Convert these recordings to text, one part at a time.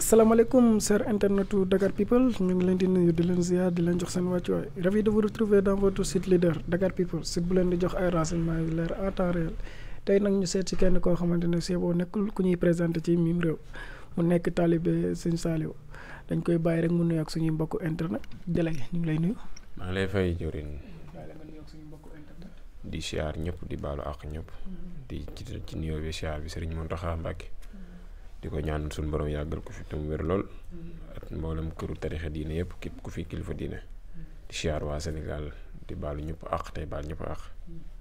salaamaaleykum chers internautes Dakar People ñu ngi leen di nuyu di leen ziar di leen jox seen wàccuwaay ravi de vous retrouver dans votre site leader Dakar People site bu leen di jox ay renseignements yu leer en tey nag ñu seet ci kenn koo xamante ne si boo nekkul ku ñuy présenté ci mim mu nekk taalibe Sëñ Saaliw dañ koy bàyyi rek mu nuyu ak suñuy mbokku internet délégué ñu ngi lay nuyu. maa ngi lay fay jëriñ. di ziar ñëpp di baalo àq ñëpp. Mm-hmm. di ci ci nuyoo bi ziar bi Serigne Mountakha Mbacké. di ko ñaanal suñu borom yàggal ko fi te mu wér lool ak mboolem këru tarixa diine yëpp képp ku fi kilifa diine di siyaar waa Sénégal di baalu ñëpp àq tey baal ñëpp àq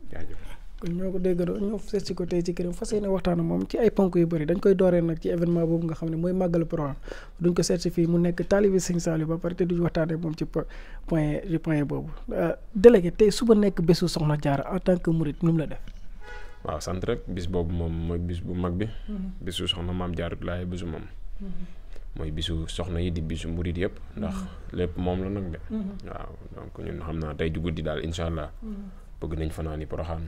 jaajëf kon ñoo ko déggandoo ñoo seet si ko tey ci këram fas yéene waxtaan moom ci ay ponk yu bëri dañ koy dooree nag ci événement boobu nga xam ne mooy màggalu Porokhane duñ ko seet si fii mu nekk taalibi Sëñ Saliou ba pare te duñ waxtaanee moom ci point ci point boobu euh, délégué tey suba nekk bésu Soxna Jaara en tant que murit nu mu la def waaw sant rek bis boobu moom mooy bis bu mag bi. Mm-hmm. bisu soxna maam jaarut laay bisu moom. Mm-hmm. mooy bisu soxna yi di bisu murit yëpp ndax mm-hmm. lépp moom la nag de. waaw donc ñun xam naa tey ju guddi daal incha allah. bëgg nañ fanaani poroxaan.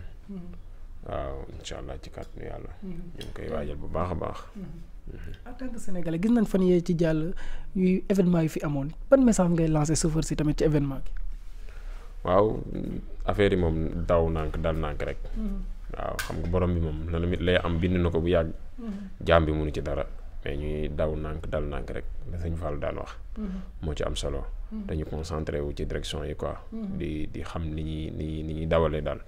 waaw incha allah ci kàttanu yàlla. ñu koy waajal bu baax a baax. en tant que gis nañ fan yee ci jàll yuy événement yu fi amoon ban message ngay lancé chauffeur si tamit ci événement bi. waaw affaire yi moom daw nànk dal nànk rek. waaw xam nga borom bi moom la mit lay am bind na ko bu yàgg. Mm-hmm. jaam bi munu ci dara mais ñuy daw nànk dal nànk rek la sëñ Fall daan wax. Mm-hmm. moo ci am solo. Mm-hmm. dañu concentré wu ci direction yi quoi. di di xam ni ñuy ni ñuy ni ñuy dawalee daal.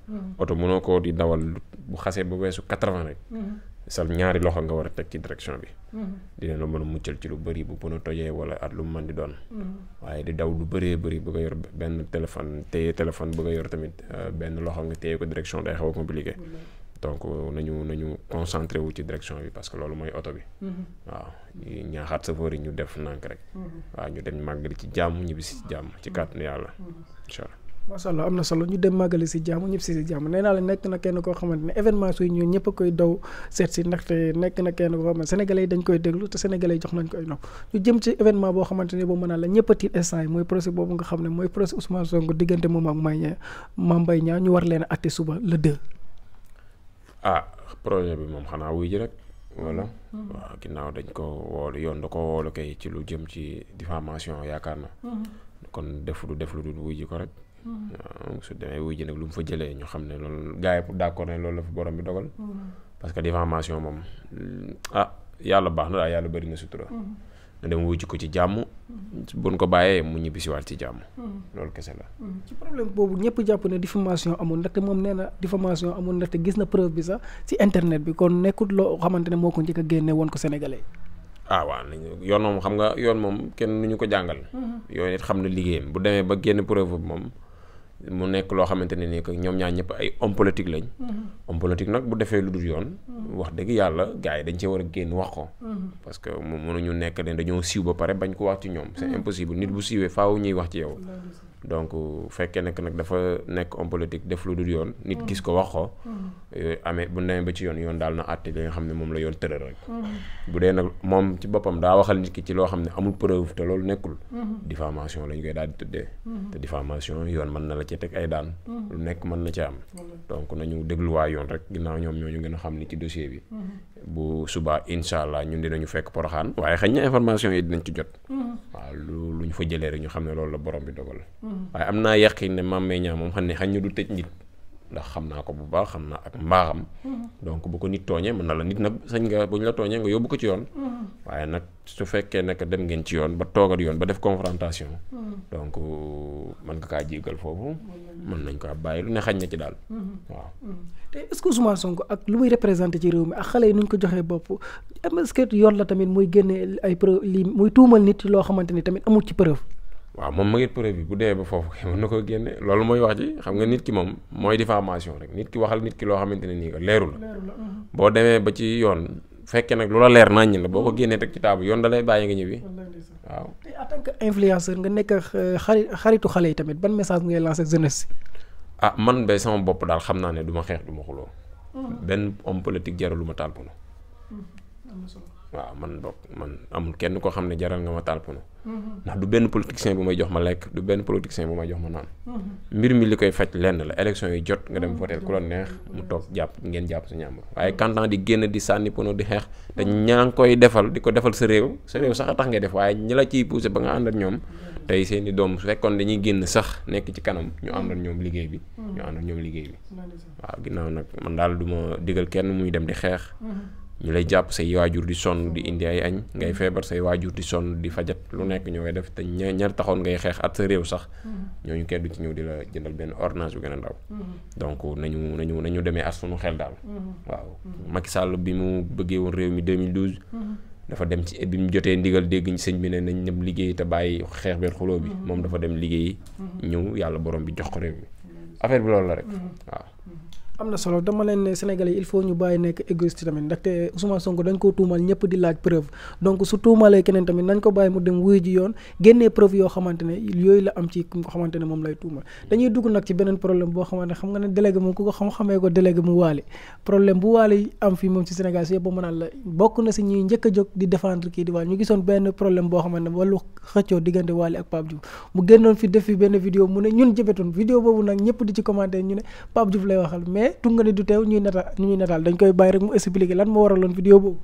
oto mënoo ko di dawal bu xasee ba weesu quatre-vingts rek. sal ñaari loxo nga war a teg ci direction bi. Mm-hmm. dina la mën a muccal ci lu bëri bu pneu tojee wala at lu mu mën di doon. Mm-hmm. waaye di daw lu bëree bëri bëgg a yor benn téléphone téye téléphone bëgg a yor tamit euh, benn loxo nga téye ko direction day xaw a compliqué. Mm-hmm. donc nañu nañu concentré wu ci direction bi parce que loolu mooy oto bi. waaw ñaaxaat safoor yi ñu def nànk rek. waaw ñu dem màggali ci jàmm ñibbisi ci jàmm ci kàttanu yàlla incha allah. macha allah am solo ñu dem màggali si jàmm ñëpp si si jàmm nee naa la nekk na kenn koo xamante ne événement suy a koy daw seet dañ koy déglu te sénégalais yi jox nañ koy nopp ñu jëm ci boo xamante ne boo mën naa la a tiit instant yi mooy procès boobu nga xam ne mooy procès Ousmane Sonko diggante moom ak Mbaye Niang ñu war leen a àtte suba le 2. ah projet bi moom xanaa wuy ji rek voilà. Mm-hmm. Mm-hmm. waaw ginnaaw dañ ko woolu yoon da ko woolu kay ci lu jëm ci diffamation yaakaar na mm-hmm. kon def lu def lu dul wuy ji ko rek waaw su demee wuy ji lu mu fa jëlee ñu xam ne loolu gars yi la fa borom bi dogal. Mm-hmm. parce que diffamation moom mm, ah yàlla baax na daal yàlla bëri na sutura. Mm-hmm. na dem wuy ko ci jàmm. Mm-hmm. buñ ko bàyyee mu ñibbisiwaat ci jàmm. loolu kese la. ci problème boobu ñëpp jàpp ne diffamation amul ndaxte moom nee na diffamation amul ndaxte gis na preuve bi sax ci internet bi kon nekkul loo xamante ne moo ko njëkk a génne woon ko sénégalais. ah waaw yoon moom xam nga yoon moom kenn nu ñu ko jàngal. yoon it xam na bu demee ba génn preuve mu nekk loo xamante ne ni que ñoom ñaar ñëpp ay homme politique lañ. Mm-hmm. homme politique nag bu defee lu dul yoon. Mm-hmm. wax dëgg yàlla gars yi dañ cee war a génn wax ko. Mm-hmm. parce que mu mënuñu nekk ne dañoo siiw ba pare bañ ko wax ci ñoom. c'est impossible nit bu siiwee faaw ñuy wax ci yow. donc euh, fekkee nekk nag dafa nekk homme politique def lu dul yoon. nit gis ko wax ko. Mm-hmm. yooyu amee bu demee ba ci yoon yoon daal na àtte li nga xam ne moom la yoon tëral rek. Mm-hmm. bu dee nag moom ci boppam daa waxal nit ki ci loo xam ne amul preuve te loolu nekkul. Mm-hmm. diffamation lañ koy daal di tuddee. te diffamation yoon mën na la ci teg ay daan. lu nekk mën na ci am. donc nañu dégluwaay yoon rek ginnaaw ñoom ñoo ñu gën a xam ni ci dossier bi. bu subaa incha allah ñun dinañu fekk poroxaan waaye xëy na information yi dinañ ci jot. Mm-hmm. waaw lu lu ñu fa jëlee rek ñu xam ne loolu la borom bi dogal. Mm-hmm. waaye am naa yaqin ne maam Meññaa moom xam ne xëy na du tëj nit. ndax xam naa ko bu baax xam naa ak mbaaxam donc bu ko nit tooñee mën na la nit nag sañ nga bu ñu la tooñee nga yóbbu ko ci yoon waaye nag su fekkee nekk dem ngeen ci yoon ba toogat yoon ba def confrontation donc man nga kaa jéggal foofu man nañ ko bàyyi lu ne xañ na ci daal waaw te est-ce que Ousmane Sonko ak lu muy représenté ci réew mi ak xale yi nuñ ko joxee bopp est-ce yoon la tamit muy génne ay preuve li muy tuumal nit loo xamante ni tamit amul ci preuve waaw moom ma ngi preuve bi bu dee ba foofu mën na koo génne loolu mooy wax ji xam nga nit ki moom mooy diffamation rek nit ki waxal nit ki loo xamante ne nii ko leeru la uh-huh. boo demee ba ci yoon fekkee nag loola leer naññ la boo ko génnee teg ci taabu yoon da lay bàyyi nga ñibbi waaw en tant que influenceur nga nekk euh, xarit xaritu xale yi tamit ban message ngay lancer jeunesse ah man bay sama bopp daal xam naa ne duma xeex du ma xuloo uh-huh. benn homme politique jarul lu ma taal waaw man bokk man amul kenn koo xam ne jaral nga ma taal pono mhm. ndax du benn politicien bu may jox ma lekk du benn politicien bu may jox ma naan. Mhm. mbir mi li koy faj lenn la élection yi jot nga dem mhm. voté ku la neex mu toog jàpp ngeen jàpp sa ñàmbar waaye kantan di génn di sànni pono di xeex te ñaa koy defal di ko defal sa réew sa réew sax a tax nga def waaye ñi la ciy poussé ba nga ànd ak ñoom tey seen i doom su dañuy génn sax nekk ci kanam ñu ànd ak ñoom liggéey bi. ñu ànd ak liggéey bi. waaw ginnaaw nag du ma digal kenn muy dem di xeex. ñu lay jàpp say waajur di sonn di indi ay añ ngay feebar say waajur di sonn di fajat lu nekk ñoo koy def te ña ña taxoon ngay xeex at sa réew sax mm-hmm. ñooñu kenn du ci ñëw di la jëndal benn ordonnance bu gën a ndaw mm-hmm. donc nañu nañu nañu demee at suñu xel daal mm-hmm. waaw Macky Sall bi mu bëggee woon réew mi 2012 dafa dem ci bi mu jotee ndigal dégg sëñ bi ne nañ dem liggéey te bàyyi xeex benn xuloo bi moom dafa dem liggéey ñëw yàlla borom bi jox ko réew mi affaire bi loolu la rek waaw am na solo dama leen ne Sénégalais il faut ñu bàyyi nekk égoïste tamit ndaxte Ousmane Sonko dañ ko tuumal ñëpp di laaj preuve donc su tuumalee keneen tamit nañ ko bàyyi mu dem wuyu ji yoon génnee preuve yoo xamante ne yooyu la am ci xamante ne moom lay tuumal dañuy dugg nag ci beneen problème boo xamante xam nga ne délégué moom ku ko xam mu waale problème am fii moom ci Sénégal si yëpp mën naan la bokk na si ñuy njëkk a jóg kii di waale ñu benn problème boo xamante ne wàllu xëccoo diggante waale ak Pape Diouf mu génnoon fi def fi benn vidéo mu ne ñun jëbetoon vidéo boobu nag ñëpp ci commenter ñu ne Pape mais Tungane du teew ñuy nataal ñuy nataal dañ koy bàyyi rek mu expliquer lan moo waraloon vidéo boobu.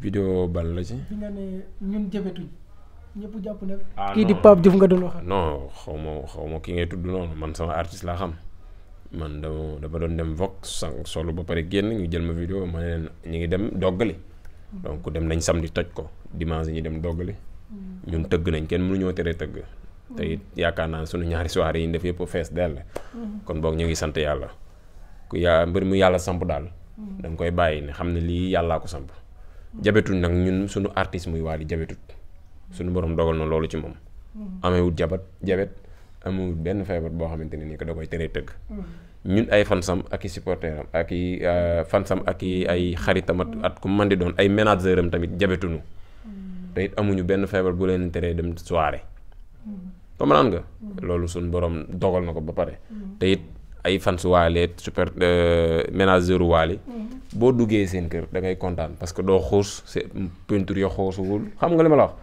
vidéo ban la ci. bi nga ñëpp jàpp ne. Ah, kii di Pape Diouf nga du wax. non xaw ma xaw ma ki ngay tudd noonu man sama artiste laa xam man dama dama doon dem Vox sang solo ba pare génn ñu jël ma vidéo ma ne leen ñu ngi dem doggali. donc dem nañ samedi toj ko dimanche ñu dem doggali. Mm. ñun tëgg nañ kenn ñoo tere tëgg. te it mm. yaakaar naa sunu ñaari soirée yi ñu def yëpp fees dell. Mm. kon boog ñu ngi sant yàlla. ku yaa mbër mu yàlla samp daal mm. da koy bàyyi ne xam ne lii yàllaa ko samp jabetul nag ñun suñu artiste muy Wally jabetut suñu borom dogal na loolu ci moom mm. amewut jabat jabet amewut benn feebar boo xamante ne ni ko teree tëgg mm. ñun ay fansam ak i supporteram ak i euh, fansam ak i ay xaritam at ku mën di doon ay manager am tamit jabetunu te amuñu benn feebar bu leen teree dem soirée comprendre nga loolu suñu borom dogal na ko ba pare te ay fans waale super euh, ménager waale mhm. boo duggee seen kër da ngay kontaan parce que doo xuus c'est peinture yo xuusuwul xam nga li ma la wax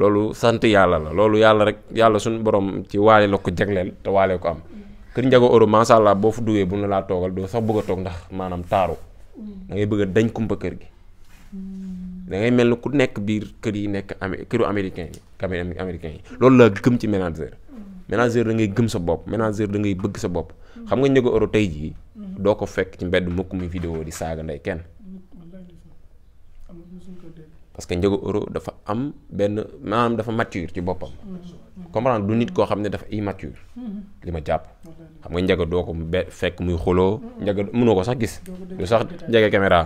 loolu sant yàlla la loolu yàlla rek yàlla suñu borom ci waale la ko jagleel te waalee ko am mhm. kër njago euro macha allah boo fa duggee bu na laa toogal doo sax bugg a toog ndax maanaam taaru mhm. da ngay bëgg a dañ kumpa kër gi da ngay mel ni ku nekk biir kër yi nekk am këru américain yi kami américain yi loolu laa gëm ci ménageur ménageur da ngay sa bopp ménageur da bëgg sa bopp xam nga njëgu euro tey jii doo ko fekk ci mbedd mukk muy vidéo di saaga ndey kenn parce que njëgu euro dafa am benn maanaam dafa mature ci boppam comprendre du nit koo xam ne dafa immature li ma jàpp xam nga njëga doo ko be fekk muy xuloo njëga mënoo ko sax gis du sax njëga caméra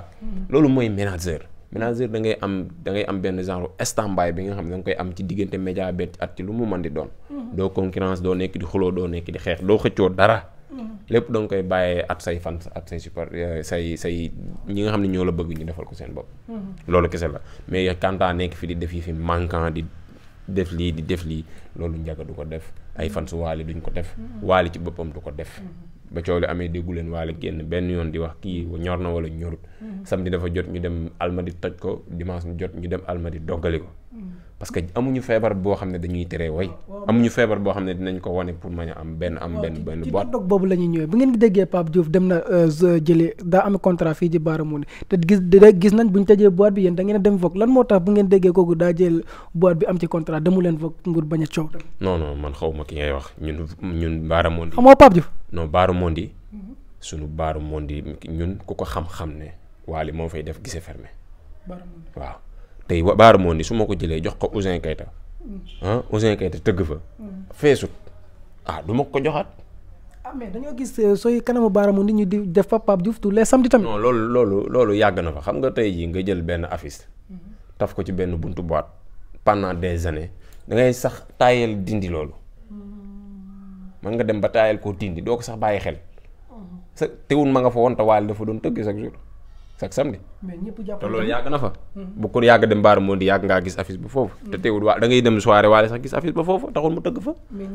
loolu mooy ménageur ménageur da ngay am da ngay am benn genre standby bi nga xam ne da koy am ci diggante média bet at ci lu mu mën di doon doo concurrence doo nekk di xuloo doo nekk di xeex doo xëccoo dara lépp danga koy bàyyee at say fan at say support euh, say say ñi nga xam ne ñoo la bëgg ñu defal ko seen bopp. Mm-hmm. loolu kese la mais kanta nekk fi di def yi fi manquant di def lii di def lii loolu njaga du ko def ay fan su waali duñ ko def. Mm-hmm. waali ci boppam du ko def. Mm-hmm. ba coow li amee déggu leen waale génn benn yoon di wax kii ñor na wala ñorut. samedi dafa jot ñu dem almadi toj ko dimanche ñu jot ñu dem alma almadi doggali ko. parce que amuñu feebar boo xam ne dañuy tere way amuñu feebar boo xam ne dinañ ko wane pour mën a am benn am benn benn boîte ci dog boobu la ñëwee bu ngeen déggee Pape Diouf dem na euh, jëlee daa am contrat fii ji Baara Mouné te gis gis nañ bu ñu tëjee boîte bi yéen da ngeen dem Vogue lan moo tax bu ngeen déggee kooku daa jël boîte bi am ci contrat demu leen Vogue nguur bañ a coow tam non non man xaw ma ki ngay wax ñun ñun Baara Mondi xamoo Pape Diouf non Baara Mondi mhm. suñu Baara Mondi ñun ku ko xam-xam ne waali moo fay def gise fermé tey baara moo ni su ma ko jëlee jox ko Ouzin Keita ah Ouzin Keita tëgg fa feesut ah du ma ko joxaat amee ah, mais dañoo gis euh, sooy kanamu baaramu nit ñi di def Pape Pape Diouf tous les samedi tamit. non loolu loolu loolu yàgg na fa xam nga tey jii nga jël benn affiche. Mhm. taf ko ci benn buntu boîte. pendant des années da ngay sax tayel dindi loolu. man mhm. nga dem ba taayal koo dindi doo ko sax bàyyi xel. Mhm. sa teewul ma nga fa wonte waale dafa doon tëgg sax jour. chaque samedi. mais ñëpp jàpp te loolu yàgg na fa. Hmm. bu ko yàgg dem baar moo yàgg ngaa gis affiche ba foofu. Hmm. te teewul waa da dem soirée waale sax gis affiche ba foofu taxul mu tëgg fa. mais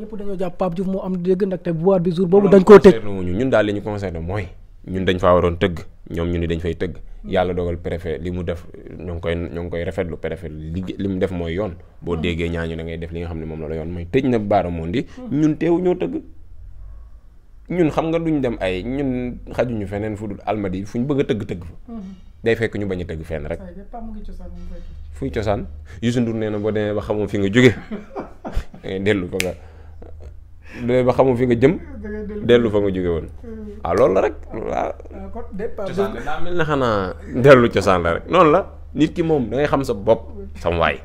ñun daal li mooy ñun dañ faa waroon tëgg ñoom ñu ni fay tëgg hmm. yàlla dogal préfet li mu def ñoo ngi koy ñoo ngi li mu def mooy yoon boo déggee ñaañu da ngay def li nga xam ne moom la la yoon mooy tëj na baara ñun teewu ñoo tëgg ñun xam nga duñ dem ay ñun xajuñu feneen fu dul almadi fu ñu bëgg a tëgg tëgg fa. Mhm. day fekk ñu bañ a tëgg fenn rek. fuy cosaan Youssou Ndour nee na boo demee ba xamoo fi nga jóge eh, dellu fa ba xamoo fi nga jëm. dellu fa nga jóge woon. waaw mm. ah, loolu la rek. waaw ah. ah, cosaan la xanaa dellu cosaan rek noonu la nit ki moom dangay xam sa bopp sam waay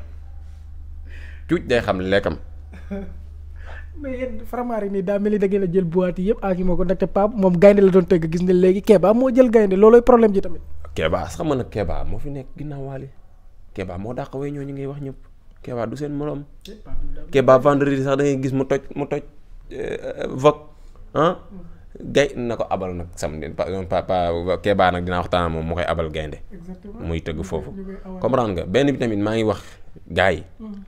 cuuj day xam lekkam. mais yéen faramaari nii daa mel ni da ngeen a jël boîte yëpp aaki moo ko ndaxte Pape moom gaynde la doon tëgg gis ne léegi Kéba moo jël gaynde loolooy problème ji tamit. Kéba sax man nag Kéba moo fi nekk ginnaaw waale Kéba moo dàq way ñooñu ngay wax ñëpp Kéba du seen morom. Kéba vendredi sax da gis mu toj mu toj euh, vogue ah. gay na ko abal nag samedi pa pa Kéba nag dinaa waxtaan moom mu koy abal gaynde muy tëgg foofu comprendre nga benn bi tamit maa ngi wax gars yi mm.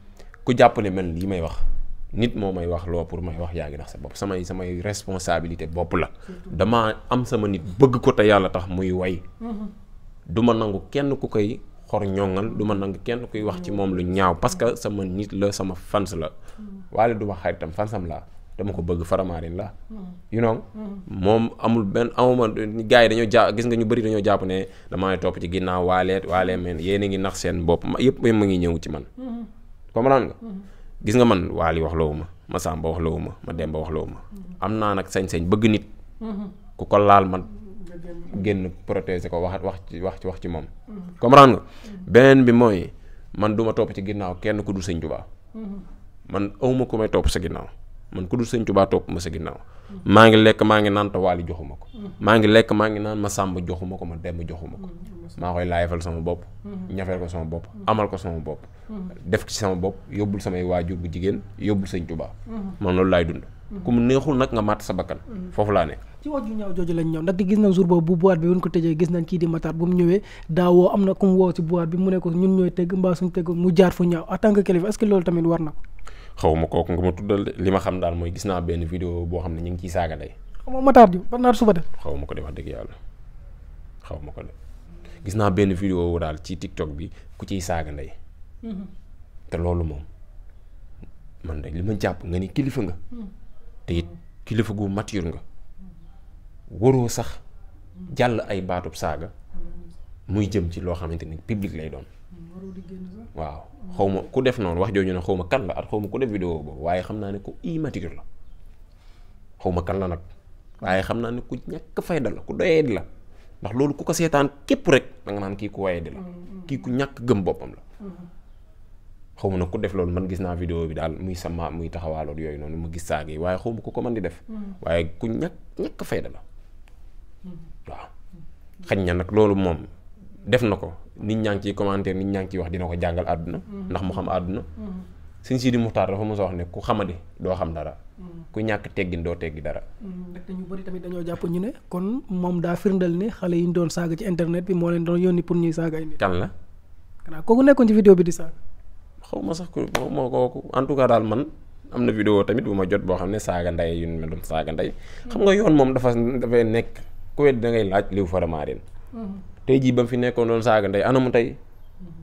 ku jàpp lii may wax. nit moo may wax loo pour may wax yaa ngi ndax sa bopp samay samay responsabilité bopp la damaa am sama nit bëgg ko te yàlla tax muy way mm-hmm. du ma nangu kenn ku koy xor ñoŋal du ma nangu kenn kuy wax ci moom lu ñaaw parce que sama nit la sama fans la mm-hmm. waale du ma xaritam fansam laa dama ko bëgg faramaarin la mm-hmm. you moom amul benn amuma gars yi dañoo jàpp gis nga ñu bëri dañoo jàpp ne damaa topp ci ginnaaw waaleet waale men yéen a ngi nax seen bopp yëpp ma ngi ñëw ci man comprendre nga gis nga man Waly wax loowu ma ma Samba wax loowu ma ma Demba wax loowu ma am naa nag sañ-sañ bëgg nit ku ko laal man génn protéger ko wax wax ci wax ci wax ci moom comprendre nga beneen bi mooy man duma topp ci ginnaaw kenn ku du sëñ Tuubaa man awma ku may topp sa ginnaaw man ku dul sëñ Tuubaa topp ma sa ginnaaw maa ngi lekk maa ngi naan te waali joxuma ko maa ngi lekk maa ngi naan ma sàmb joxuma ko ma dem joxuma ko maa koy laayefal sama bopp ñafeel ko sama bopp amal ko sama bopp def ci sama bopp yóbbul samay waajur bu jigéen yóbbul sëñ Tuubaa man loolu laay dund ku neexul nag nga màtt sa bakkan foofu laa ne ci wax ju ñaaw jooju lañ ñëw ndaxte gis nañ jour boobu bu boîte bi buñ ko tëjee gis nañ kii di Matar bu mu ñëwee daawoo jaar fu ñaaw en tant loolu tamit war na xaw ma kooku nga ma tuddal de li ma xam daal mooy gis naa benn vidéo boo xam ne ñu ngi ci saaga day xaw ma Matar Diop Bernard Soubatel xaw ma ko de wax dëgg xaw ma ko de gis naa benn vidéo daal ci TikTok bi ku ciy saaga ndey mhm. te loolu moom man de li ma jàpp nga ni kilifa nga mhm. te it kilifa gu mature nga waroo sax jàll ay baatub saaga mhm. muy jëm ci loo xamante ni public lay doon waaw xaw ku def noonu wax jooju ne xaw ma kan la at xaw ma ku def vidéo boobu waaye xam naa ne ku immature la xaw ma kan la nag waaye xam naa ne ku ñàkk fayda la ku doyee la ndax loolu ku ko seetaan képp rek da naan kii ku waye di la mm, mm. kii ku ñàkk gëm boppam la mm-hmm. xaw ma nag ku def loolu man gis naa vidéo bi daal muy sama muy taxawaaloon yooyu noonu ma gis saag yi waaye xaw ku ko mën di def mm. waaye ku ñàkk ñàkk fayda la waaw xañ na nag loolu moom def na ko nit ñaa ngi ciy commentaire nit ñaa ngi ciy wax dina ko jàngal àdduna mm-hmm. ndax mu xam àdduna mm-hmm. sëñ Sidi Muxtaar dafa mos a wax ne ku xamadi doo xam dara mm-hmm. ku ñàkk teggin doo dara te dañoo jàpp ñu ne kon moom daa firndal ne xale yi ñu doon saaga ci internet bi moo leen doon yónni pour ñuy saaga ay nit kan la nekkoon ci vidéo bi di saaga xaw ma sax ko moo kooku en tout cas daal man am na vidéo tamit bu ma jot boo xam ne saaga ndey yu ñu saaga ndey xam nga yoon moom dafa dafay nekk ku wet da ngay laaj liw faramaareen tey jii ba mu fi nekkoon doon saaga ndey anamu tey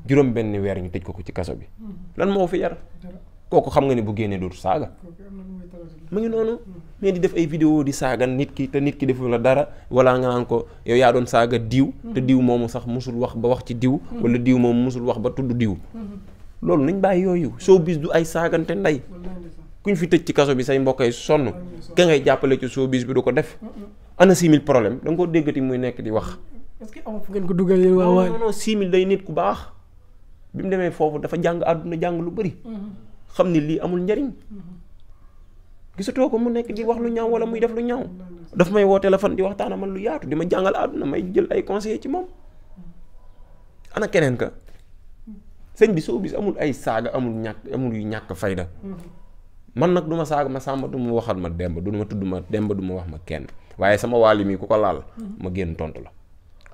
juróom benn weer ñu tëj ko ko ci kaso bi mm-hmm. lan moo fi yar kooku xam nga ne bu génnee dootu saaga mu ngi noonu mm-hmm. mais di def ay vidéo di saaga nit ki te nit ki defu la dara wala nga naan ko yow yaa doon saaga diw mm-hmm. te diw moomu sax mosul wax ba wax ci diw wala diw moomu mosul wax ba tudd diw loolu nañ bàyyi yooyu showbiz du ay saagante ndey kuñ fi tëj ci kaso bi say mbokk ay sonn ka ngay jàppale ci bi du ko def ana 6000 da ko déggati muy nekk di wax est-ce que amoo fu ngeen ko dugal yéen waa waa non non simil day nit ku baax bi mu demee foofu dafa jàng àdduna jàng lu bari mm-hmm. xam ni lii amul njariñ. Mm-hmm. gisatoo ko mu nekk di wax lu ñaaw wala muy def lu ñaaw. daf may woo téléphone di waxtaan man lu yaatu di ma jàngal àdduna may jël ay conseillers ci moom. Mm-hmm. ana keneen ka sëñ bi soo bis amul ay saaga amul ñàkk amul yu ñàkk fayda. man nag duma ma saaga ma sàmba du waxal ma demb du ma tudd ma demb du ma wax ma kenn waaye sama waali mi ku ko laal. ma génn tontu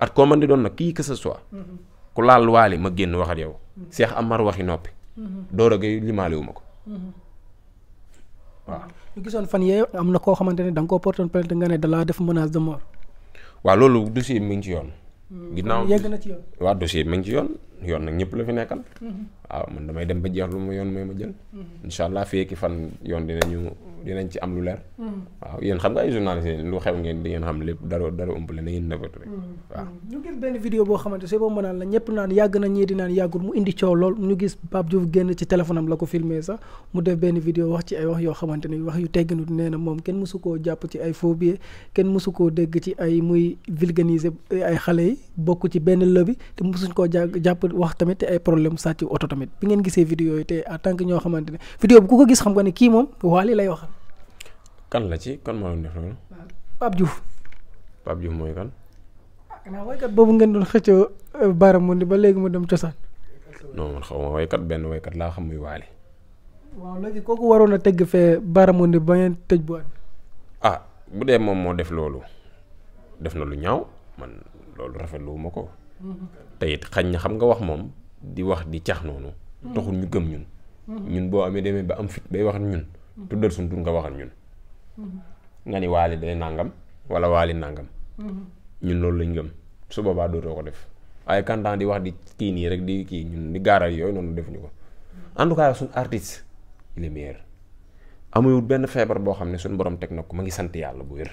at koo mën di doon nag kii que ce soit ku laal waali ma génn wax ak yow Cheikh Amar waxi noppi door a gay limaale wu ko waaw ñu gisoon fan yee am na koo xamante ne da nga koo porté plainte nga ne dalaa def menace de mort waaw loolu dossier bi mi ngi ci yoon hmm. ginnaaw yegg na bi mi ngi ci yoon yoon nag ñëpp la fi nekkal hmm. waaw man damay dem ba jeex lu ma yoon may ma jël hmm. incha allah fii fan yoon dinañu dinañ ci am lu leer. Hmm. waaw yéen xam nga ay journalistes lu xew ngeen di ngeen xam lépp dara dara umpale na ngeen nëbatu rek. Hmm. waaw hmm. ñu gis benn vidéo boo xamante c'est boobu ma la ñëpp naan yàgg na di naan yàggul mu indi coow lool ñu gis Pape Diouf génn ci téléphone la ko filmé sax mu def benn vidéo wax ci ay wax yoo xamante ni wax yu tegginut nee moom kenn mësu koo jàpp ci ay phobie kenn mësu koo dégg ci ay muy vulgariser ay xale yi bokk te ay problème ñoo xamante ne vidéo bi ku ko gis xam nga ne kii kan la ci kan moo doon def loolu. mooy kan. Ah, waykat boobu ngeen doon xëccoo euh, baaraam mu ni ba léegi mu dem cosaan. non xaw ma waykat benn waykat laa xam muy waale. waaw léegi waroon a tegg fee baaraam ni ba ngeen tëj bu ah bu moom moo def loolu def na lu ñaaw man loolu rafetlu wuma ko. Mm-hmm. te it xañ na xam nga wax moom di wax di cax noonu. Mm-hmm. taxul ñu gëm ñun. Mm-hmm. ñun boo amee demee ba am fit bay waxat ñun. tuddal suñu tur nga waxat ñun. Mm-hmm. nga ni waali day nàngam wala waali nàngam mm-hmm. ñun loolu lañ gëm su boobaa dootoo ko def waaye kantaan di wax di kii nii rek di kii ñun di gaaral yooyu noonu ñu ko en tout cas suñu artiste il est meilleur amul benn feebar boo xam ne suñu borom teg na ko mu ngi sant yàlla bu wér.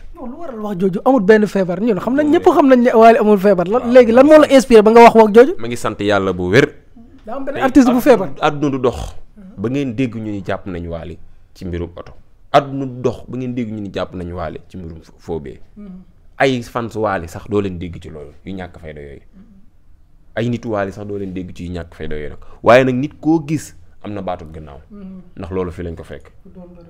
wax jooju amul benn feebar ñun xam nañ ñëpp xam nañ ne waali amul feebar. lan léegi lan moo la inspiré ba nga wax wax jooju. ma ngi sant yàlla bu wér. daa am benn artiste bu feebar. àdduna du dox. Mm-hmm. ba ngeen dégg ñu ni jàpp nañu waali ci mbirum oto. àdduna dox ba ngeen dégg ñu ni jàpp nañu waale ci mbirum foobee mm-hmm. ay fans waale sax doo leen dégg ci loolu yu ñàkk fayda yooyu mm-hmm. ay nit waale sax doo leen dégg ci yu ñàkk fayda yooyu nag waaye nag nit koo gis am na baatut gannaaw mm-hmm. ndax loolu fi lañ ko fekk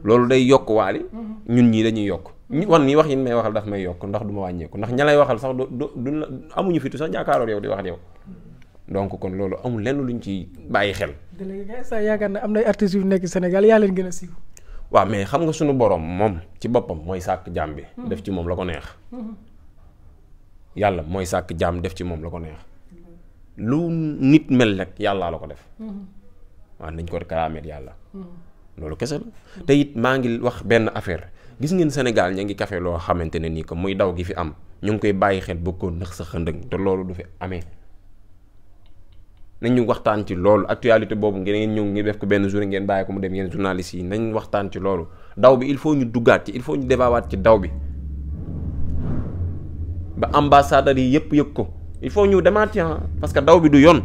loolu day yokk waali ñun ñii dañuy yokk ñu wan nii wax yi may waxal daf may yokk ndax du ma wàññeeku ndax ña lay waxal sax du la amuñu fitu sax jàkkaaroo yow di wax yow donc kon loolu amul lenn luñ ci bàyyi xel. dëgg la am na nekk Sénégal yaa gën a siiw waaw mais xam nga suñu borom moom ci boppam mooy sàkk jaam bi. Mm-hmm. def ci moom la ko neex. Mm-hmm. yàlla mooy sàkk jaam def ci moom la ko neex. lu nit mel rek yàlla la ko def. Mm-hmm. waaw nañ ko karaameet yàlla. loolu kese la te it maa ngi wax benn affaire gis ngeen Sénégal ña ngi kafe loo xamante ne nii ko muy daw gi fi am ñu ngi koy bàyyi xel ko ndax sa xëndëng te loolu du fi amee. nañu waxtaan ci loolu actualité boobu ngeen ñëw ngi def ko benn journée ngeen bàyyi ko mu dem yeen journalistes yi nañ waxtaan ci loolu daw bi il faut ñu duggaat ci il faut ñu débawaat ci daw bi ba ambassadeurs yi yëpp yëg ko il faut ñu demaat ci ah, parce que daw bi du yoon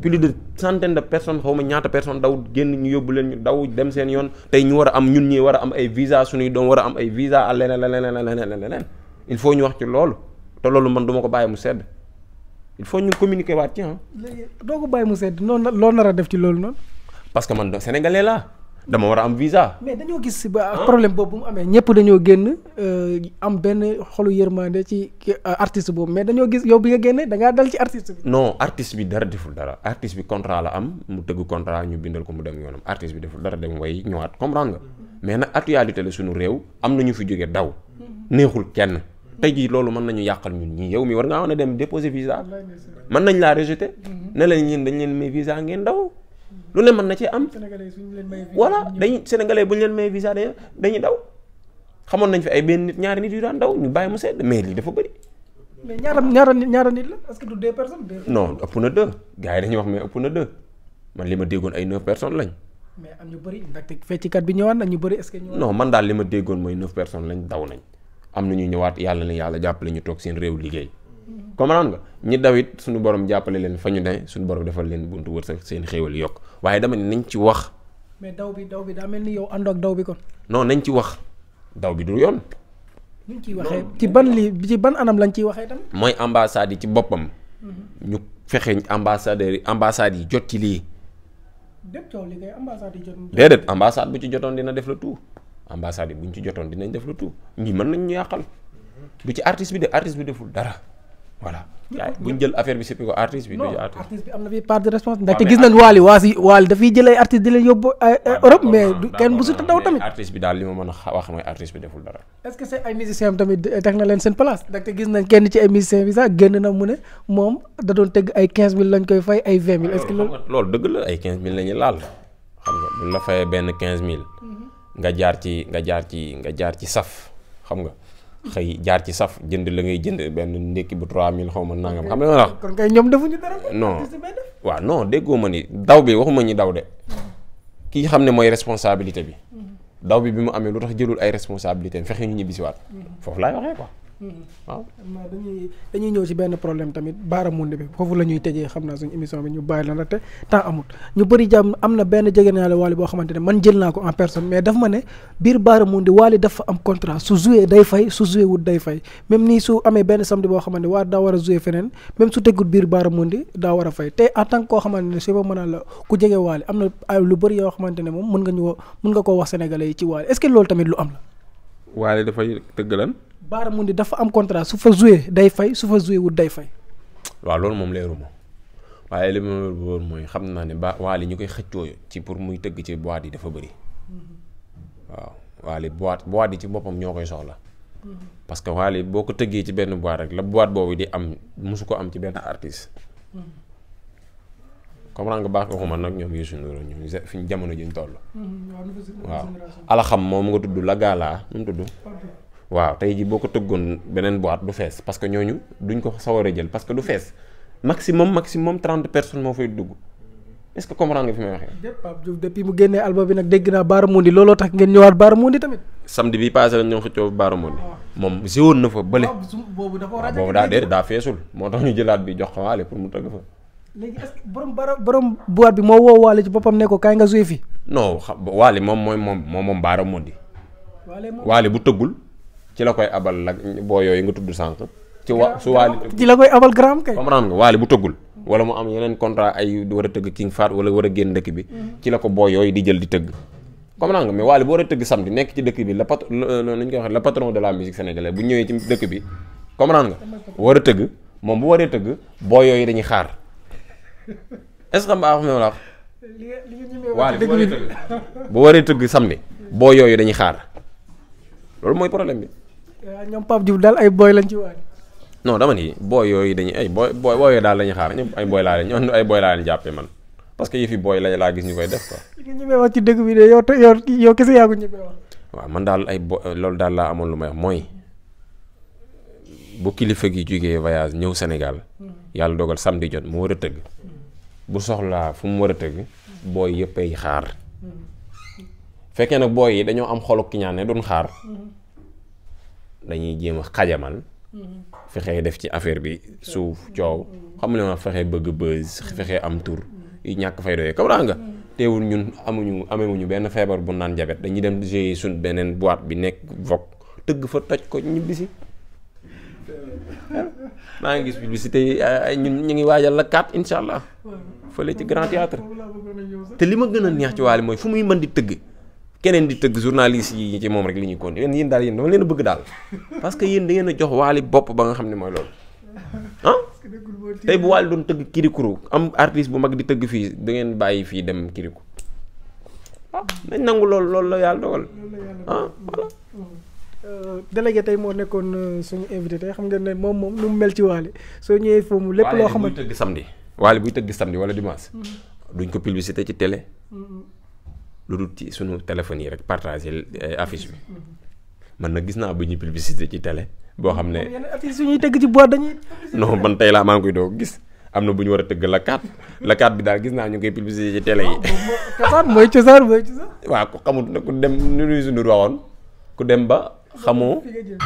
plus de centaine de personnes xaw ma ñaata personnes daw génn ñu yóbbu leen ñu daw dem seen yoon tey ñu war a am ñun ñi war a am ay visa suñuy doom war a am ay visa à leneen leneen leneen leneen il faut ñu wax ci loolu te loolu man duma ko bàyyi mu sedd il faut ñu communiquer waat ci ah. doo ko bàyyi mu sedd noonu loo nar a def ci loolu noonu. parce que man do sénégalais laa dama war a am visa. mais dañoo gis ba problème boobu bu mu amee ñëpp dañoo génn euh, am benn xolu yërmande ci euh, artiste boobu mais dañoo gis yow bi nga génne da ngaa dal ci artiste bi. non artiste bi dara deful dara artiste bi contrat la am mu tëgg contrat ñu bindal ko mu dem yoonam artiste bi deful dara dem way ñëwaat comprendre nga mais nag actualité la suñu réew am na ñu fi jóge daw mm-hmm. neexul kenn. tey jii loolu mën nañu yàqal ñun ñii yow mi war ngaa mën a dem déposer visa mën nañ laa rejeter mhm. ne leen dañ leen may visa ngeen daw lu ne mën na ci am voilà dañuy sénégalais bu ñu leen may visa dañu dañuy daw xamoon nañ fi ay benn nit ñaari nit yu daan daw ñu bàyyi mu sedd mais lii daw bëri mais ñaara ñaara nit ñaara nit la est-ce que du deux personnes non ëpp na deux gars yi dañuy wax mais ëpp na deux man li ma déggoon ay ñu bëri ndaxte bi ñëwaat na ñu bëri est-ce que non man daal li ma déggoon mooy neuf personnes lañ daw nañ am na ñu ñëwaat yàlla na yàlla jàppale ñu toog seen réew liggéey comprendre nga ñi dawit suñu boroom jàppale leen fa ñu ne suñu borom defal leen buntu wërsëg seen xéewal yokk waaye demal ne nañ ci wax. mais daw bi daw bi daa mel ni yow ànd daw bi kon. non nañ ci wax daw bi du yoon. ñu ciy waxee ci ban lii ci ban anam lañ ciy waxee tamit. mooy ambassade yi ci boppam. Mhm. ñu fexe ambassadeurs yi ambassades yi jot ci lii. déet coow li bu ci jotoon dina def la tout. ambassade yi bu ñu ci jotoon dinañ def lu tout ñi mën nañ ñu yàqal du ci artiste bi de artiste bi deful dara voilà. bu ñu jël affaire bi sëppi ko artiste bi. du ci artiste bi am na fi part de responsabilité. ndaxte gis nañ dafay jël ay artistes di leen yóbbu euh, euh, Europe mais kenn bu si daw tamit. artiste bi daal li ma mën a wax mooy artiste bi deful dara. est-ce que c'est ay musiciens tamit euh, teg na leen seen place ndaxte gis nañ kenn ci ay musiciens bi sax génn na mu ne moom da doon tëgg ay 15000 lañ koy fay la ay 15000 la ñuy laal nga jaar ci nga jaar ci nga jaar ci saf xam nga xëy jaar ci saf jënd la ngay jënd benn ndékki bu 3000 xaw ma nangam xam nga. kon kay ñoom defuñu dara. non waaw non déggoo ma ni daw bi waxuma ñi daw de. kii xam ne mooy responsabilité bi. Mm-hmm. daw bi bi mu amee lu tax jëlul ay responsabilité am fexe ñu ñibbisiwaat. Mm-hmm. foofu laay waxee ko waaw. dañuy dañuy ñëw ci benn problème tamit baaraamundi bi foofu la ñuy tëjee xam naa suñu émission bi ñu bàyyi la nag te temps amut ñu bëri jàmm am na benn jegenaale Wally boo xamante ne man jël naa ko en personne mais daf ma ne biir baaraamundi Wally dafa am contrat su joué fay su joué wut fay même nii su amee benn samedi boo xamante ne waa daa war a joué feneen même su teggut biir baaraamundi daa war a fay te en tant que xamante ne su ma mën a la ku jege Wally am na lu yoo xamante ne moom mën nga ñu mën nga koo wax sénégalais yi ci Wally est-ce que loolu lu am la. Wally dafay Baara Moundi dafa am contrat su fa joué day fay su fa joué wut day fay. waaw loolu moom leeruma waaye li ma wër mooy xam naa ne ba waali ñu koy xëccoo ci pour muy tëgg ci boîte yi dafa bëri waaw waali boit boîte yi ci boppam ñoo koy soxla. parce que waali boo ko tëggee ci benn boit rek la boîte boobu di am mosu ko am ci benn artiste. comprendre nga baax waxuma nag ñoom Youssou Ndour ñoom fi ñu jamono ji ñu toll. waaw alaxam moom nga tudd la gaalaa mu waaw tey ji boo ko tëggoon beneen boîte du fees parce que ñooñu duñ ko sawar a jël parce que du fees maximum maximum trente personnes moo fay dugg est-ce que comprendre nga fi may waxee. Pape Diouf depuis mu génnee album bi nag dégg naa Baara Moundi looloo tax ngeen ñëwaat Baara Moundi tamit. samedi bi passé lañ ñoo xëccoo Baara Moundi. Oh. na fa bële. boobu dafa boobu daa déedéet daa feesul moo tax ñu jëlaat bi jox ko waale pour mu tëgg fa. léegi borom bara borom boîte bi moo woo waale ci boppam ne ko kaay nga joué fi. no xam waale moom mooy moom moom moom Baara Moundi. waale bu tëggul ci la koy abal nag boo yooyu nga tudd sànq. ci waa su waali ci la koy abal gram kay. comprendre nga waali bu tëggul. wala mu am yeneen contrat ay war a tëgg King Fat wala war a génn dëkk bi. Mhm. ci la ko boo yooyu di di tëgg. comprendre nga mais waali bu a tëgg samedi nekk ci dëkk bi la pat la euh, ñu koy waxee la patron de la musique sénégalaise bu ñëwee ci dëkk war a tëgg moom bu waree tëgg boo yooyu dañuy xaar est-ce que mbaa xam waree tëgg bu waree boo yooyu dañuy xaar loolu mooy problème bi. ñoom Pape Diouf daal ay booy lañ ci waaj. non dama ni booy yooyu dañu ay booy booy yooyu daal lañuy xaar ñoom ay booy laa leen ñoom ay booy laa leen jàppee man parce que yëfi booy lañ laa gis ñu koy def quoi. de yow te yow yow kese yaa ko ñu waaw man daal ay bo loolu daal laa amoon lu ma wax mooy bu kilifa gi jógee voyage ñëw senegal hmm. yàlla dogal samedi jot mu war a tëgg hmm. bu soxlaa fu mu war a tëgg booy yëpp ay xaar hmm. fekkee nag booy yi dañoo am xolu kiñaan ne duñ xaar. dañuy jéem a xajamal. Mm-hmm. fexe def ci affaire bi suuf coow mm-hmm. xam nga fexe bëgg buzz fexe am tur mm-hmm. yi ñàkk fay doyee kaw nga teewul ñun amuñu amewuñu benn feebar bu naan jabet dañuy dem gérer suñ beneen boîte bi nekk vok tëgg fa toj ko ñibbisi maa ngi gis publicité yi ñun ñu ngi waajal la kaat incha allah fële ci grand théâtre te li ma gën a neex ci waali mooy fu muy mën di tëgg keneen di tëgg journaliste yi ci moom rek li ñuy continuer yéen daal yéen dama leen a bëgg daal parce que yéen da ngeen a jox waali bopp ba nga xam ne mooy loolu ah tey bu waali doon tëgg kirikuru am artiste bu mag di tëgg fii da ngeen bàyyi fii dem kiriku ah nañ nangu loolu loolu la yàlla dogal ah voilà euh, délégué tey moo nekkoon euh, suñu invité tey xam nga ne moom moom lu mu mel ci waali soo ñëwee foofu lépp loo xamante di buy tëgg samedi waali buy tëgg samdi wala dimanche mm-hmm. duñ ko publicité ci télé mm-hmm. lu dul ci sunu téléphone yi rek partagé euh, affiche bi man na gis naa bu ñuy publicité ci tele boo xam ne. yenn affiche yu ñuy tëgg ci boîte dañuy. non man tey laa maa ngi koy doo gis am na bu ñu war a tëgg la carte la carte bi daal gis naa ñu ngi koy publicité ci télé yi. Oh, cosaan mooy cosaan mooy cosaan. waaw ku xamul ne ko dem nu nuyu suñu waxoon ku dem ba. xamoo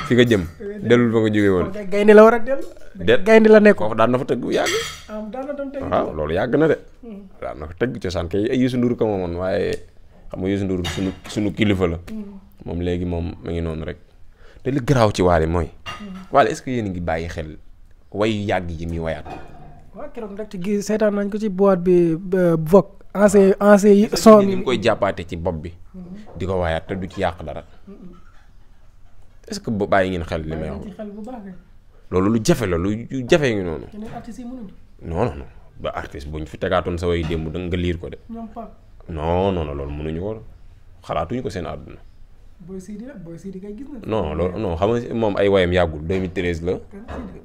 fi nga jëm dellul fa nga jóge woon. gaynde la war a dellu. de gaynde la nekkoo daan na fa tëgg bu yàgg. Ah, waaw loolu yàgg na de. Hmm. daan na fa tëgg cosaan waaye. xam nga Youssou Ndour sunu mm. sunu kilifa la. Mm. moom léegi moom ma ngi noonu rek. te li garaaw ci waale mooy. Mm. waale est-ce que yéen ngi bàyyi xel way yàgg yi muy wayaat. waaw keroog ndax gi seetaan nañ ko ci boîte bi Vogue. ancien ah. ancien yi son ni mu koy jàppaate ci bopp bi. Mm-hmm. di ko wayaat te du ci yàq dara. Mm-hmm. est-ce que bàyyi ngeen xel li may loolu lu jafe la lu jafe ngi noonu. non non ba artiste buñ fi tegaatoon sa way démb da nga liir ko de. non non non loolu mënuñu ko xalaatuñu ko seen àdduna. Boy la Boy Sidi kay gis na. non loolu non xam nga moom ay wayam yàggul 2013 la.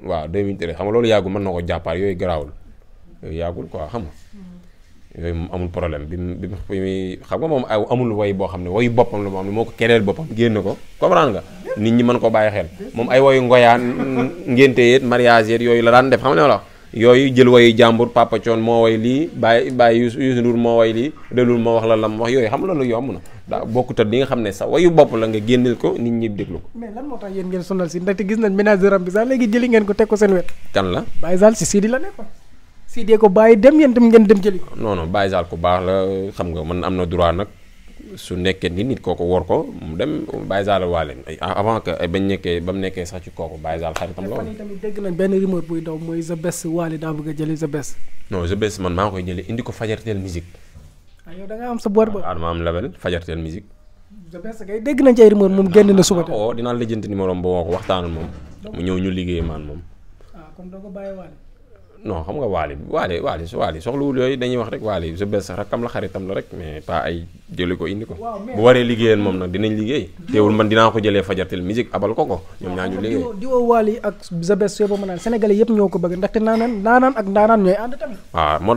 waaw 2013 xam nga loolu yàggul mën na ko jàppaar yooyu garaawul. yàggul quoi xam nga. Mm-hmm. yooyu moom amul problème bi mu bi muy xam nga moom amul way boo xam ne wayu boppam la boo xam ne moo ko keneel boppam génn ko comprendre nga. nit ñi mën ko bàyyi xel moom ay wayu ngoyaan ngénte yeet mariage yeet yooyu la daan def xam ne la yooyu jël wayu jàmbur Papa Thione moo way lii Baye Baye Youssou Ndour moo way lii delul moo wax la lam wax yooyu xam la loolu yomb na daa bokkut ak li nga xam ne sax wayu bopp la nga génneel ko nit ñi déglu ko. mais lan moo tax yéen ngeen sonal si ndaxte gis nañ ménageur am bi sax léegi jëli ngeen ko teg ko seen wet. kan la Baye Sall si di la nekkoon. Sidi ko bàyyi dem yéen tam ngeen dem jëli ko. non non Baye Sall baax la xam nga man am na droit nag su nekkee nit nit kooku wor ko mu dem Baye Zale avant que bañ nekkee ba mu nekkee sax ci kooku Baye Zale xaritam la woon tamit dégg nañ benn rumeur buy daw mooy The Best Wally daa bëgg a jëli The Best non The Best man maa koy jëlee indi ko fajarteel musique ah, waaw am sa boor ba waaw dama am label fajarteel musique The Best kay dégg nañ ci ay rumeur moom génn na suba te ah, oh, dinaa lijjanti numéro am ba woo ko waxtaanal moom mu ñëw ñu liggéey maan moom ah, non xam nga waali waali waali waali soxlawul yooyu dañuy wax rek waali sa bés sax rakkam la la rek mais pas ay ko indi ko bu waree moom nag dinañ liggéey teewul man dinaa ko jëlee fajartel musique ko ko ñoom ñaa ñu liggéey di woo waali sa bés yooyu yëpp ñoo ko bëgg ndaxte naanaan naanaan ak ndaanaan ñooy ànd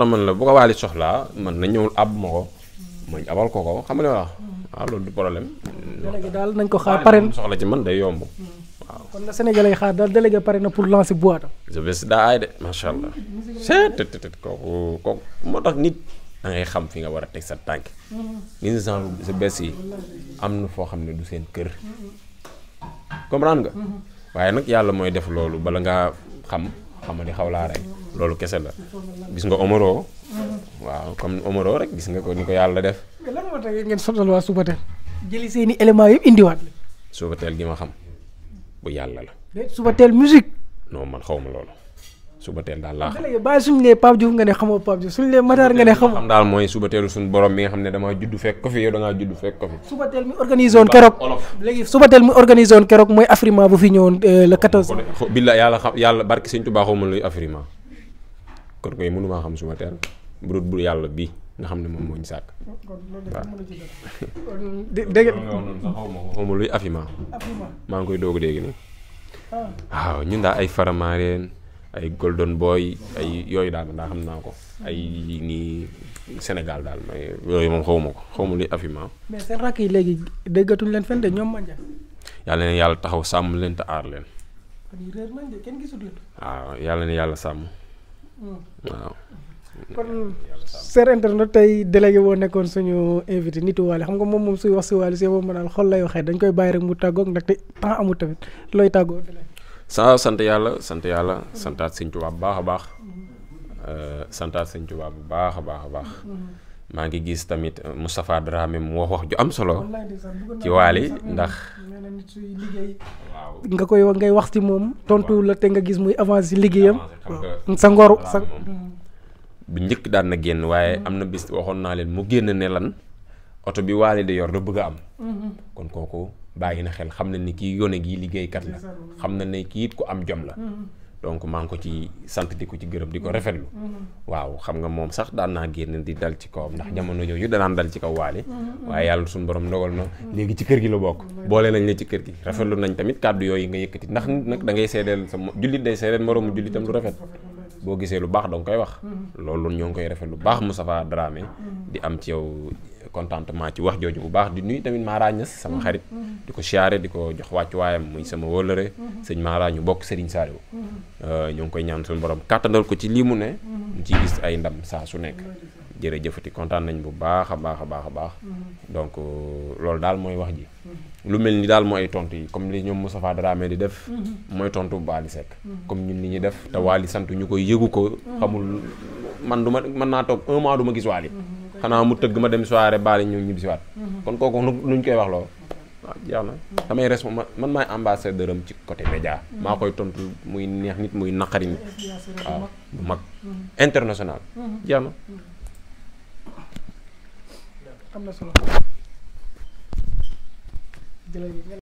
man la bu ko waali soxlaa man na ñëwul ab ma ko mañ abal ko ko xam nga wax mm. waaw loolu du problème léegi daal nañ ko xaar pare soxla ci man day yomb mm. waaw kon la Sénégalais xaar daal délégué pare na pour lancer boîte. je bés daa aay de macha allah. seet tët tët kooku kooku nit. xam fi nga war a teg sa tànk. nit yi am na foo xam ne du seen kër. comprendre nga. waaye nag yàlla mooy def loolu bala ngaa xam xamadi xaw laa rey loolu kese la gis nga Omaro. waaw comme Omaro rek gis nga ko ni ko yàlla def. lan moo tax ngeen sotal waa Subatel. jëli seen i éléments yëpp indiwaat. Subatel gi ma xam. bu la. suba teel musique. non man xaw ma loolu. suba teel daal laa xam nga bàyyi suñu nee Pape nga ne xamoo Pape Diouf suñu nee Matar nga ne xam daal mooy suba teelu suñu borom bi nga xam ne damaa juddu fekk ko fi yow da ngaa juddu fekk ko fi. suba teel mi organisé woon keroog suba teel mi organisé woon keroog mooy Afrima bu fi ñëwoon euh, le 14. billa yàlla xam yàlla barki sëñ Tuubaa xaw ma luy Afrima kon koy mënumaa xam suba teel bu dul yàlla bii nga xam ne moom moo ñu sàkk. dégg maa ngi koy doog a dégg ah. daal ay faramaareen ay golden yooyu daal daa xam naa daal yooyu moom xawma leen fenn de ñoom Mandiaye. yàlla na yàlla taxaw sàmm leen te aar leen. waaw yàlla na yàlla sàmm. Hmm. waaw. kon cher internet tey délégué woo nekkoon suñu invité nit waale xam nga moom moom suy wax si waale si yow moom daal xol lay waxee dañ koy bàyyi rek mu tàggoog ndaxte temps amul tamit looy tàggoo. saa sant yàlla sant yàlla santaat sëñ Tuubaa bu baax a baax. Euh, santaat sëñ Tuubaa bu baax a baax a baax. maa ngi gis tamit Moustapha Dramé mu wax wax ju am solo ci waali ndax nga koy ngay wax ci moom tontu la te nga gis muy avance ci liggéeyam sa ngor sa bu njëkk daan na génn waaye am na bis waxoon naa leen mu génn ne lan oto bi waale di yor da bëgg a am. kon kooku bàyyi na xel xam na ni kii yone gii liggéeykat la xam na ne kii it ko am jom la. donc maa ngi ko ci sant di ko ci gërëm di ko rafetlu. waaw xam nga moom sax daan naa génn di dal ci kawam ndax jamono yooyu danaan dal ci kaw waale. waaye yàlla suñu borom ndogal na. léegi ci kër gi la bokk. boole nañ la ci kër gi. rafetlu nañ tamit kàddu yooyu nga yëkkati ndax nag da ngay seedeel sa jullit day seedeel moroomu jullitam lu rafet. boo gisee lu baax da koy wax. Mm-hmm. loolu ñoo ngi koy rafet lu baax mu Moustapha Dramé. Mm-hmm. di am ci yow contentement ci wax jooju bu baax di nuyu tamit Mara Niass sama mm-hmm. xarit. di ko siyaare di ko jox wàccuwaayam muy sama wóllëre. sëñ Mara ñu bokk Serigne Saliou. Euh, ñoo ngi koy ñaan suñu borom kàttanal ko ci lii mu ne. mu ciy gis ay ndam saa su nekk. jërëjëfati kontaan nañ bu baax a baax a baax a baax. donc euh, loolu daal mooy wax ji. lu mel ni daal mooy tontu yi comme li ñoom Moustapha Dramé di def. Mhm. mooy tontu Waly Seck. Mhm. comme ñun li ñuy def te Waly sant ñu koy yëgu ko. Mhm. xamul man du ma mën naa toog un mois du ma gis Waly. xanaa mu tëgg ma dem soirée baale ñu ñibbisiwaat. kon kooku nuñ koy wax lool. waaw ah, jeex na damay respo man maay ambassadeur am ci côté média. maa koy tontu muy neex nit muy naqari nit. waaw bu mag international. jërë ngeen